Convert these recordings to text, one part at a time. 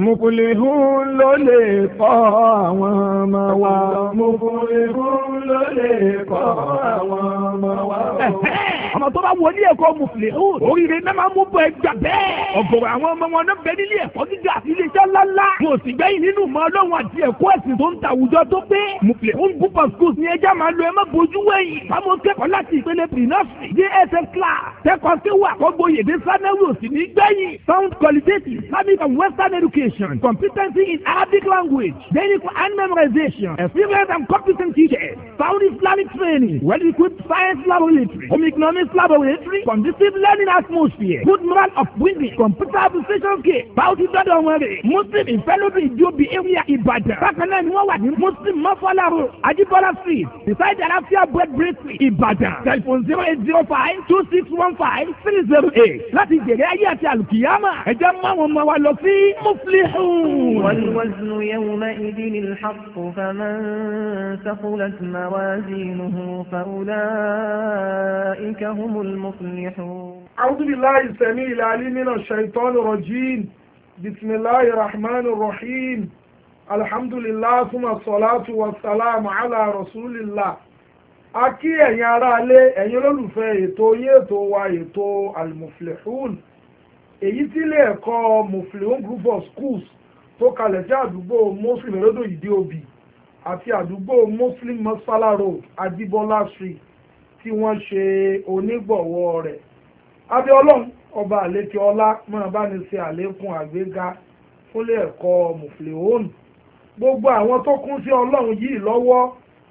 Mùkùlìhún ló lè kọ́ àwọn ọmọ wa. Mùkùlìhún ló lè kọ́ àwọn ọmọ wa ọmọ tó bá wọ ní ẹ̀kọ́ muflihun oríire náà máa mú bọ ẹgbà bẹ́ẹ̀ ọ̀gọ̀rọ̀ àwọn ọmọ wọn náà bẹ nílé ẹ̀kọ́ gíga ilé iṣẹ́ ńláńlá mo sì gbẹ́yìn nínú mọ ọlọ́run àti ẹ̀kọ́ ẹ̀sìn tó ń ta àwùjọ tó pé muflihun púpọ̀ schools ni ẹja máa lo ẹ má bojú wẹ̀yìn fáwọn kẹ́kọ̀ọ́ láti ìpele pre-nursery dss class kẹ́kọ̀ọ́ sí wà kọ́gbó yèdè sanẹ́wì òsì ní Western education competency in Arabic language technical and memorization experience and competent teachers sound Islamic training well-equipped science laboratory home economics laboratory, conducive learning atmosphere, good moral of women, computer application care, báwùjọ dọ́dọ̀ wọn rè. Muslim ìfẹ́lódù ìjọbi area Ìbàdàn. Bákan náà ni wọ́n wà ní Muslim Mọ́fọ́lá road, Ajibola street, beside Alafia bread bakery, Ìbàdàn. Telephone zero eight zero five two six one five three zero eight. Láti jèrè ayé àti àlùkìyámà, ẹ jẹ́ mú àwọn ọmọ wa lọ sí Muflihun. والوزن يومئذ الحق فمن ثقلت موازينه فأولئك هم المفلحون أعوذ بالله السميع العليم من الشيطان الرجيم بسم الله الرحمن الرحيم الحمد لله ثم الصلاة والسلام على رسول الله a kí ẹ̀yin aráalé ẹ̀yin olólùfẹ́ ètò yín ètò wa ètò almuflihun èyí tí ilé ẹ̀kọ́ muflihun group of schools tó kalẹ̀ sí àdúgbò muslim erodo ìdí òbí àti àdúgbò muslim masala road adibola street tí wọ́n ṣe onígbọ̀wọ́ rẹ̀ abíọ́lọ́hún ọba àlékè ọlá máa bá ní ṣe àlékún àgbéga fúnlé ẹ̀kọ́ mùfìlẹ́hónù gbogbo àwọn tó kún sí ọlọ́run yìí lọ́wọ́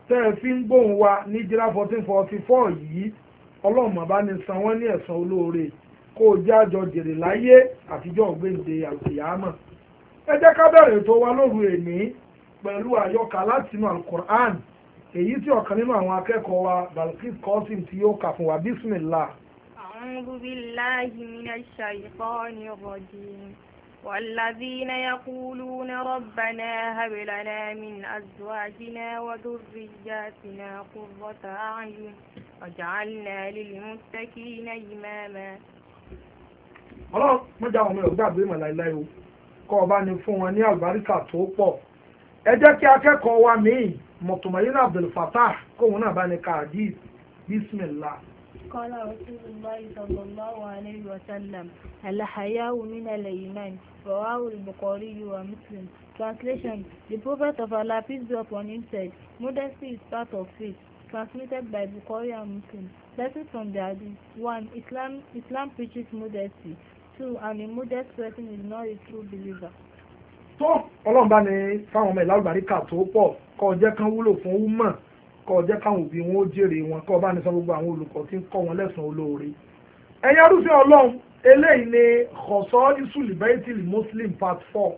tẹ́ ẹ fi ń gbóhùn wa ní jìlá fourteen forty four yìí ọlọ́run máa bá ní san wọ́n ní ẹ̀san olóore kó o jẹ́ àjọ jèrè láyé àtijọ́ ògbéǹde àlùkìyámọ̀ ẹ jẹ́ ká bẹ̀rẹ̀ ètò wa lóru èní pẹ̀lú àyọkà látinú alukur'an èyí tí ọ̀kan nínú àwọn akẹ́kọ̀ọ́ wa Balkis ti tí yóò kà fún wa bísmìlá. A'udhu billahi minash shaytanir rajim. والذين يقولون ربنا هب لنا من أزواجنا وذرياتنا قرة أعين واجعلنا للمتقين إماما ọlọ́run mọ́jà àwọn ọmọ ẹ̀gbàgbé mọ̀ láìláì o kọ́ fún wọn ní àlùbáríkà tó ẹ jẹ́ kí akẹ́kọ̀ọ́ wa míì mọ̀tòmọ̀yìn abdulfatah kóun náà bá ní káàdì bismillah. قال رسول الله صلى الله عليه وسلم الحياء من الإيمان رواه البخاري ومسلم Translation The Prophet of Allah peace be upon him said modesty is part of faith transmitted by Bukhari and Muslim Lesson from the Hadith One, Islam Islam preaches modesty 2. An immodest person is not a true believer tó ọlọ́mọba ni fáwọn ọmọ ẹ̀ lálùbáríkà tó pọ̀ kọ́ ọ jẹ́ kán wúlò fún wúmọ̀ kọ́ ọ jẹ́ káwọn òbí wọn ó jèrè wọn kọ́ ọ bá ní san gbogbo àwọn olùkọ́ tí ń kọ́ wọn lẹ́sàn-án olóore. ẹ̀yin arúfẹ́ ọlọ́run eléyìí ni kọ̀sọ́ isu liberty muslim part four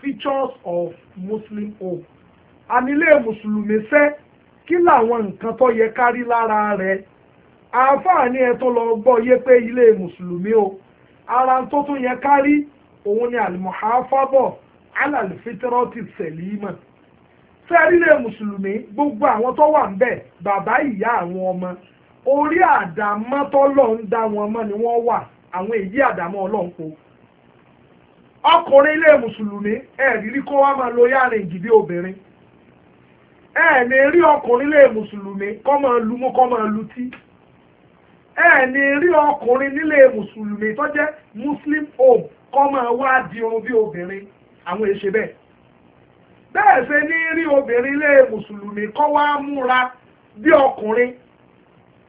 features of muslim home. ànílé mùsùlùmí fẹ́ kí làwọn nǹkan tó yẹ kárí lára rẹ̀ àǹfààní ẹ tó lọ gbọ́ yé pé ilé mùsùlùmí o ara tó tún yẹ kárí òun ni àlùmọ̀háfábọ̀ alàlùfẹ́tẹ́rọ́tì sẹ̀límọ̀ fẹ́rílẹ̀ mùsùlùmí gbogbo àwọn tó wà ń bẹ bàbá ìyá àwọn ọmọ orí àdámọ́ ń dá wọn ni wọ́n wà àwọn èyí àdámọ́ ọlọ́ǹpo ọkùnrin ilé mùsùlùmí kó wá máa lo ìdìbí obìnrin rí ọkùnrin mùsùlùmí kọ́ lu kọ́ máa rí ọkùnrin nílé mùsùlùmí muslim home kọ́ di bí obìnrin àwọn èṣe bẹ́ẹ̀ bẹ́ẹ̀ ṣe ní rí obìnrin lé mùsùlùmí kọ́ wá múra bí ọkùnrin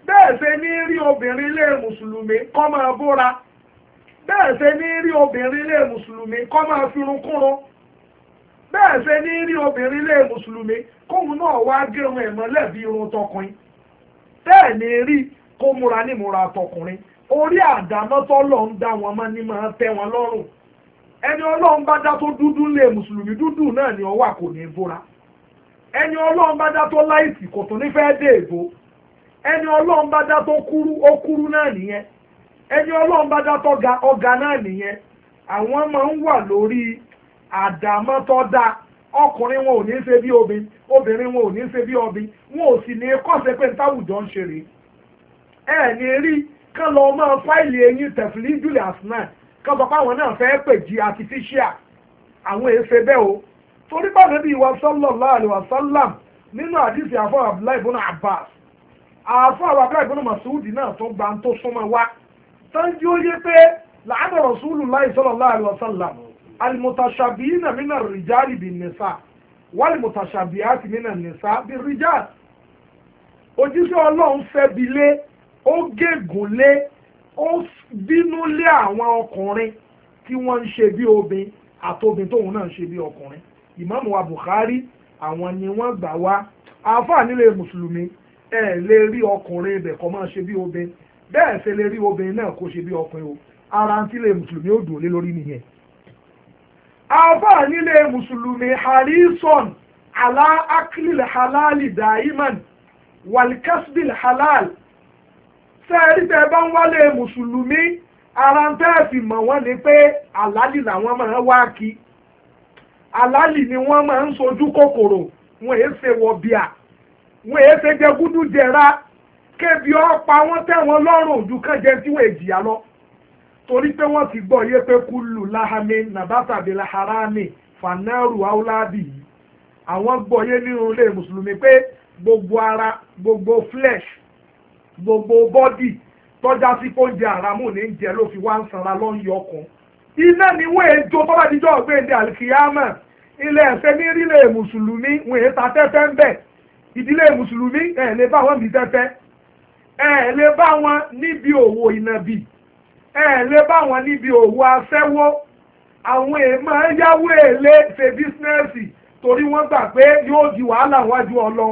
bẹ́ẹ̀ ṣe ní rí obìnrin lé mùsùlùmí kọ́ máa bóra bẹ́ẹ̀ ṣe ní rí obìnrin lé mùsùlùmí kọ́ máa firunkúrun bẹ́ẹ̀ ṣe ní rí obìnrin lé mùsùlùmí kóun náà wá gẹrun ẹ̀mọ́ lẹ́bi irun tọkùnrin bẹ́ẹ̀ ni rí kó múra nímúra tọkùnrin orí àdámọ́tọ́ lọ́ọ́ ń dá wọn mọ́ ní máa tẹ́ wọn lọ́rùn ẹni ọlọ́run bá dá tó dúdú lé mùsùlùmí dúdú náà ni ọwà kò ní ẹni ọlọ́run bá dá tó láìsì kò tún ní dé èbó ẹni ọlọ́run bá dá tó kúrú ó kúrú náà nìyẹn ẹni ọlọ́run bá dá tó ga náà nìyẹn àwọn máa ń wà lórí ọkùnrin wọn ò ní kọ́sọ̀ páwọn náà fẹ́ pè jí artificial àwọn èéfé bẹ́ẹ̀ o torí pàdé bíi wa sallallahu alaihi wasallam nínú àdìsí àfọ Abdullahi ibn Abbas àfọ Abdullahi ibn Mas'ud náà tó gba tó súnmọ́ wa tọ́jú ó yé pé làánà Rasulullahi sallallahu alaihi wasallam al-mutashabihina mina rijali bin nisa wal-mutashabihati mina nisa bin rijal ojúṣe Ọlọ́run fẹ́ bi lé ó gégùn lé ó bínú lé àwọn ọkùnrin tí wọ́n ń ṣe bí obìn àtobìn tóun náà ń ṣe bí ọkùnrin ìmáàmù wa Bukhari àwọn ni wọ́n gbà wá àáfàá nílé mùsùlùmí ẹ lè rí ọkùnrin ibẹ̀ kọ́ máa ṣe bí obìn bẹ́ẹ̀ ṣe lè rí obìnrin náà kó ṣe bí ọkùnrin o ara ń tílé mùsùlùmí ó dùn lé lórí nìyẹn. àáfàá nílé mùsùlùmí harrison alá halali daiman walkasbil halal. sẹ́ẹ̀rí tẹ́ bá ń wálé mùsùlùmí ara ń tẹ́ẹ̀fì mọ̀ wọ́n ni pé àlálì làwọn máa ń wá kí àlálì ni wọ́n máa ń sojú kòkòrò wọ́n èé ṣe wọ bíà wọ́n èé ṣe jẹ gúdú jẹra kébi ọ̀pá wọn tẹ̀wọ̀n lọ́rùn ojú kan tí wọ́n èjìyà lọ torí pé wọ́n ti gbọ́ yé pé kúlù láhàmì nàbàtàbí làhàrámì fanáàrù gbogbo ara gbogbo flesh gbogbo bọ́dì tọ́já sí kóúnjẹ àràmù ní jẹ ló fi wá ń sanra lọ́yọ̀ ọkàn iná ni wọ́n èé jó tọ́ba díjọ́ ọ̀gbẹ́ndẹ́ àlìkìyámà ilẹ̀ ẹ̀fẹ́ ní rílẹ̀ mùsùlùmí wọ́n èé ta tẹ́tẹ́ ń bẹ̀ ìdílé mùsùlùmí ẹ̀ lè bá wọn bí tẹ́tẹ́ ẹ̀ lè bá wọn níbi òwò ìnàbì ẹ̀ lè bá wọn níbi òwò aṣẹ́wó àwọn èèmọ̀ yáwó èlé ṣe bísínẹ́sì torí wọ́n gbà pé yóò di wàhálà wájú ọlọ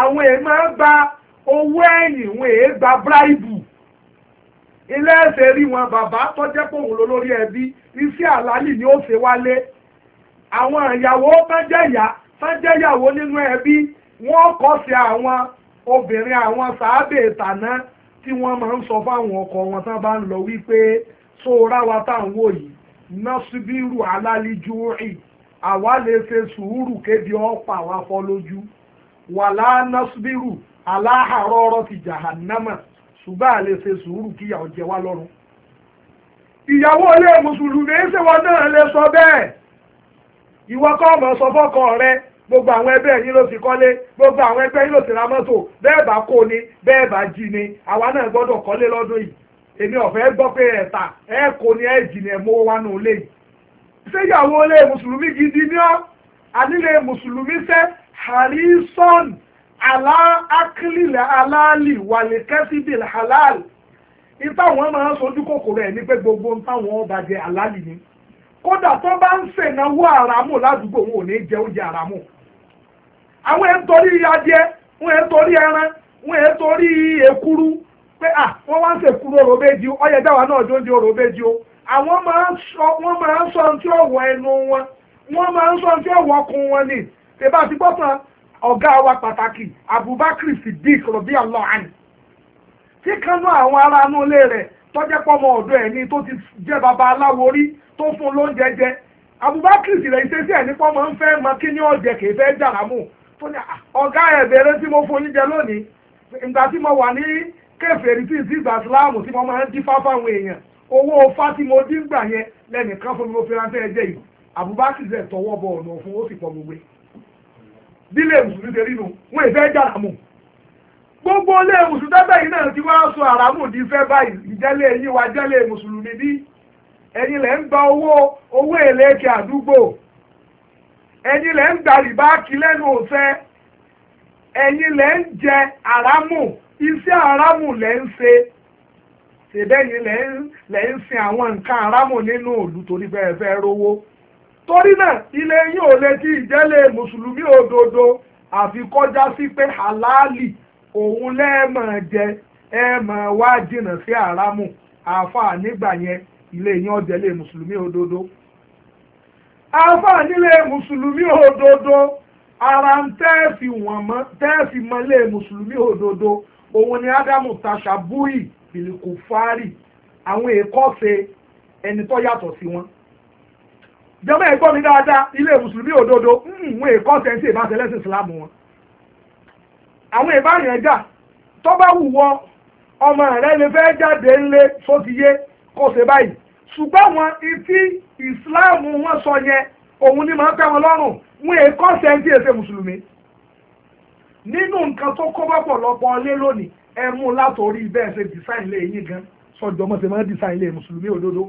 àwọn èèmọ̀ gba owó ẹ̀yìn wọn èé gba bíráìbù ilé ẹ̀sẹ̀ rí wọn bàbá tó jẹ́ pé òun lólórí ni ó ṣe wálé àwọn ìyàwó fẹ́jẹ̀yà fẹ́jẹ̀yàwó nínú ẹbí wọ́n kọ́ sí àwọn obìnrin àwọn sàábè ìtàná tí wọ́n máa ń sọ fáwọn won wọn tán bá ń lọ wípé sóra wa táwọn wò yìí nọ́sibírù alálíjú rì àwa lè ṣe sùúrù kébi wa fọ́ lójú aláhàárọ̀ ọ̀rọ̀ ti jahannama ṣùgbọ́n àlè ṣe sùúrù kíyà ìyàwó wá lọ́rùn. ìyàwó ilé mùsùlùmí ṣe wọn náà lè sọ bẹ́ẹ̀ ìwọ kọ́ ọmọ sọ fọ́kọ rẹ gbogbo àwọn ẹgbẹ́ yín ló ti kọ́lé gbogbo àwọn ẹgbẹ́ yín ló ti ra mọ́tò bẹ́ẹ̀ bá kó ni ni àwa náà gbọ́dọ̀ kọ́lé lọ́dún yìí èmi ọ̀fẹ́ gbọ́ pé ẹ̀ ẹ̀ ẹ̀ mọ́ gidi ni ọ́ mùsùlùmí fẹ́ àlá akílìlẹ̀ aláàlì wàlẹ̀kẹ́síbìlì halal ìtàwọn máa ń sojú kòkòrò ẹ̀ ní pé gbogbo aláàlì ni kódà tó bá ń ṣènáwó àràmù ládùúgbò wọn ò ní jẹ oúnjẹ àràmù àwọn ẹ̀ ń torí adìẹ wọn ẹ̀ ń ẹran wọn ẹ̀ ń torí èkúrú pé à wọ́n wá ń ṣèkúrú orò méjì ó yẹ dáwà náà jó ń di wọn wọ́n máa ń sọ ohun tí ọ̀gá wa pàtàkì Abubakar Siddiq rọ̀bí ọlọ́ọ̀hán tí kanú àwọn ará inú ilé rẹ̀ tọ́jẹ́ pọ́mọ ọ̀dọ́ ẹ̀ ni ti jẹ́ baba aláwo orí tó fún lóúnjẹ jẹ Abubakar sì rẹ̀ ìṣesí ẹ̀ ní pọ́mọ ń fẹ́ mọ kí ní ọ̀jẹ̀ kì í fẹ́ tó ní ah, ọ̀gá ẹ̀ bẹ̀rẹ̀ tí mo fún yín jẹ lónìí ìgbà tí mo wà ní tí ìsí ìgbà síláàmù tí mo máa ń èèyàn owó tí mo dín gbà yẹn bílẹ̀ mùsùlùmí dị rí nu wọ́n jaramu gbogbo ilé mùsùlùmí tẹ́tẹ́ yìí náà ti wá sọ àràmù di fẹ́ báyìí ìjẹlẹ yín wá mùsùlùmí bí ẹ̀yin lẹ̀ ń gba owó owó èlé ti àdúgbò ń gba rìbá kí ń jẹ àràmù àràmù ń ṣe torí náà ilé yín ò lè di ìjẹ́lẹ̀ mùsùlùmí òdodo àfi kọjá sí pé halali òun lẹ́ẹ̀mọ̀ jẹ ẹ̀ẹ̀mọ̀ wá jìnnà sí àràmù àáfàá nígbà yẹn ilé yín ọ̀jẹ̀lẹ̀ mùsùlùmí òdodo. àáfàá nílé mùsùlùmí òdodo ara ń tẹ́ẹ̀fì wọ̀n mọ́ tẹ́ẹ̀fì mọ́lé mùsùlùmí òdodo òun ni ádámù tashabui bìlìkù fárì àwọn èkó ṣe ẹni tó yàtọ̀ sí wọn jọmọ ẹ gbọ́ mi dáadáa ilé mùsùlùmí òdodo hmm, wọn èkó sẹ́ńtì ìbáṣẹ lẹ́sìn ìsìlámù wọn. àwọn ìbáyẹn jà tó bá wù wọ ọmọ rẹ lè fẹ́ jáde ńlẹ̀ sótìyé kó ṣe báyìí ṣùgbọ́n wọn ti ìsìlámù wọn sọ yẹn òun ni màá pẹ́ wọn lọ́rùn wọn èkó sẹ́ńtì èsè mùsùlùmí. nínú nǹkan tó kó bọ́pọ̀lọpọ̀ lé lónìí ẹ mú látòrí bẹ́ẹ̀ ṣe dìsáìn lé yín gan sọ́jọ́ mọ́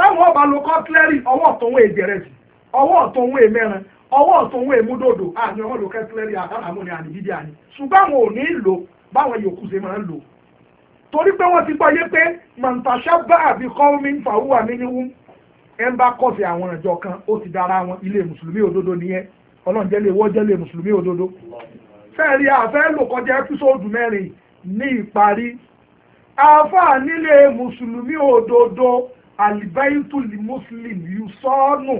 táwọn ọba lo kọ́tlẹ́rì ọwọ́ ọ̀tọ̀hún èjẹrẹsì ọwọ́ ọ̀tọ̀hún èmẹ́rin ọwọ́ ọ̀tọ̀hún èmúdòdò àní ọwọ́ lo kọ́tlẹ́rì àtàlámù ni àníjídé àní ṣùgbọ́n àwọn ò ní lò báwọn yòókù ṣe máa ń lò torí pé wọ́n ti gbọ́ yé pé mọ̀ntàṣá bá àbí kọ́mí fàwúwà mí níwú ẹ ń bá kọ́sẹ̀ àwọn ìjọ kan ó ti dára wọn ilé mùsùlùmí òdodo nìyẹn ọlọ́run jẹ́ lè wọ́ jẹ́ lè mùsùlùmí òdodo fẹ́ẹ̀rí àfẹ́ lò kọjá ẹ́písòdù mẹ́rin ní ìparí àáfàá nílé mùsùlùmí òdodo alibaitul muslim yusọ́nù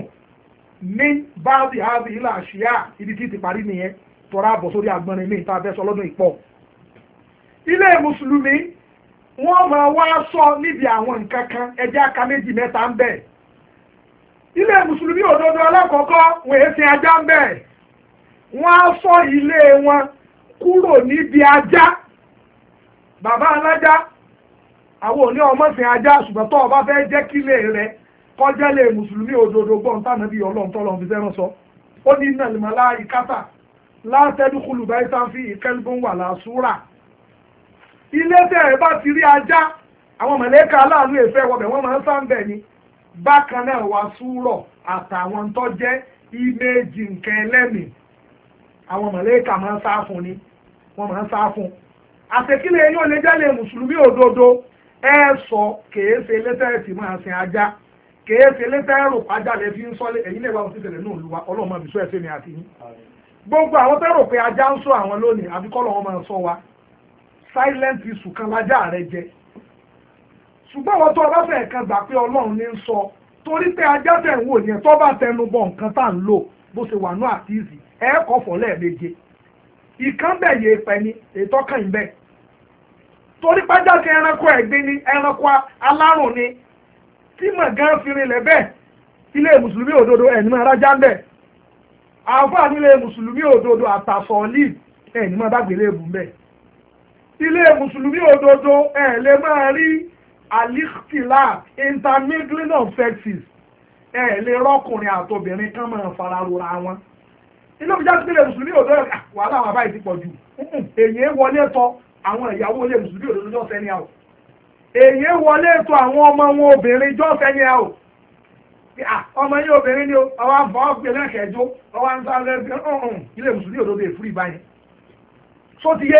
ní báàbí àbí ilà àṣìyá ibi tí ti parí nìyẹn tọ́ra àbọ̀ sórí agbọ́nrin mi ta bẹ́sọ lọ́dún ìpọ̀ ilé mùsùlùmí wọ́n máa wá sọ níbi àwọn nǹkan kan ẹjẹ́ aka méjì mẹ́ta ń bẹ̀ ilé mùsùlùmí òdodo alákọ̀ọ́kọ́ wọ́n èsì ajá ń bẹ̀ wọ́n á sọ ilé wọn kúrò níbi ajá bàbá alájá àwọn òní ọmọ ajá ṣùgbọ́n tó ọba fẹ́ jẹ́ kílé rẹ kọjá lè mùsùlùmí òdodo gbọ́n tánà bí ọlọ́run tọ́lọ́run fi fẹ́ràn sọ ó ní innal malaikata la tadkhulu baytan sura ilé ẹ bá ti rí ajá àwọn mọ̀lẹ́kà aláàánú èfẹ́ wọbẹ̀ wọ́n máa ń sá ń bẹ̀ ni bákan náà wá súrọ̀ àtàwọn tó jẹ́ ìmẹ́jì nǹkan ẹlẹ́mìí àwọn mọ̀lẹ́kà máa ń sá ni ẹ sọ kèé ṣe máa sin ajá keese ṣe létẹ́ẹ̀rù paja le fi ń sọ́lé ẹ̀yin lè wá ohun náà lùwà ọlọ́run máa ni àti gbogbo àwọn tẹ́ pé ajá ń sọ àwọn lónìí àbí máa wa silent isu kan laja rẹ jẹ ṣùgbọ́n àwọn tó ọba fẹ́ẹ̀ kan gbà pé ọlọ́run ní ń sọ torí pé ajá tẹ̀ ń wò yẹn tó bá tẹnu bọ nǹkan tá ń torí pájáde ẹranko ẹ̀gbin ni ẹranko alárùn ni tí mọ̀gán fi rinlẹ̀ bẹ́ẹ̀ ilé mùsùlùmí òdodo ẹ̀ní máa rájá ń bẹ̀ àáfàá nílé mùsùlùmí òdodo àtàfọ̀ọ́lì ẹ̀ní máa bá ebù ń bẹ̀ ilé mùsùlùmí òdodo ẹ̀ lè máa rí alikila intermingling of sexes ẹ̀ lè rọ́kùnrin àtobìnrin kan máa fara rora wọn ilé ìjọba ìpínlẹ̀ mùsùlùmí òdodo ah, wàhálà àwọn àbáyé ti pọ̀ jù èyí wọlé tọ́ àwọn ìyàwó ilé mùsùlùmí òdodo jọ́sẹ̀ ni àwọ̀ èyí wọlé ètò àwọn ọmọ wọn obìnrin jọ́sẹ̀ ni àwọ̀ ah, ọmọ yín obìnrin ni ọwọ́ àbọ̀ ọ̀gbẹ̀lẹ̀ kẹjọ ọwọ́ àǹsáré ọ̀hún ilé mùsùlùmí òdodo èfúrì báyìí só ti yé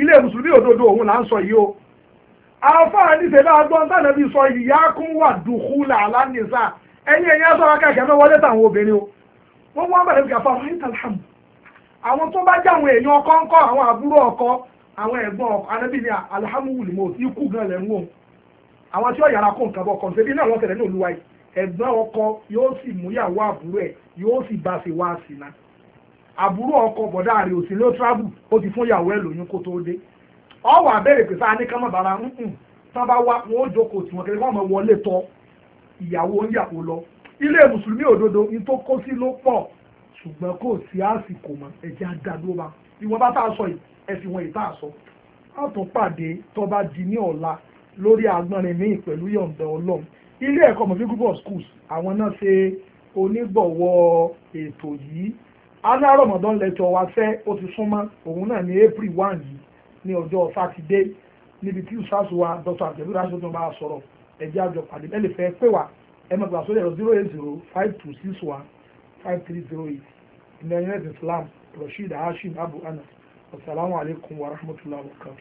ilé mùsùlùmí òdodo òun là ń sọ yìí o àfáà níṣẹ́ náà gbọ́n tánà bí sọ ìyá kún wà dùkú làálá nìsà ẹ̀yìn ẹ̀yìn aṣọ akẹ́kẹ́ náà wọlé táwọn obìnrin o wọ́n wọ́n bẹ̀rẹ̀ bí káfá wọ́n ń tàlámù àwọn tó bá jáwọn èèyàn ọkọ ńkọ àwọn àbúrò ọkọ àwọn ẹ̀gbọ́n anábì ní alhamdulilayi mo ti kú gan lẹ́nu o àwọn tí ó yàrá kó nǹkan bọ̀ kọ̀ ṣe bí náà lọ́sẹ̀ lẹ́nu olúwa yìí ẹ̀gbọ́n ọkọ yóò sì múyàwó àbúrò ẹ̀ yóò sì bá ṣe wá na àbúrò ọkọ bọ̀dá rẹ̀ ò sí ló travel ó ti fún ẹ̀ lóyún kó tó dé pé sáà ní ká má bàrà tán bá wá wọn ó jókòó tí wọn wọn ẹ̀sìn wọn ìta àsọ àtúnpàdé tó bá di ní ọ̀la lórí agbọ́nrin míì pẹ̀lú yọ̀ǹda ọlọ́run ilé ẹ̀kọ́ mọ̀fí group of schools àwọn náà ṣe onígbọ̀wọ́ ètò yìí alárọ̀mọ̀dán lẹ́tọ̀ wa fẹ́ ó ti súnmọ́ òun náà ní april one yìí ní ọjọ́ sátidé níbi tí ṣáàṣù wa dr abdul rasheed tó bá sọ̀rọ̀ ẹ̀jẹ̀ àjọ pàdé ẹ lè fẹ́ pè wá ẹ mọ̀ gbà sórí ẹ̀rọ zero eight zero five two six one five three zero eight ìmọ̀ ẹ̀yẹ́dẹ̀ islam rasheed hashim abu anas Assalamu alaikum wa rahmatullahi wa barakatuh.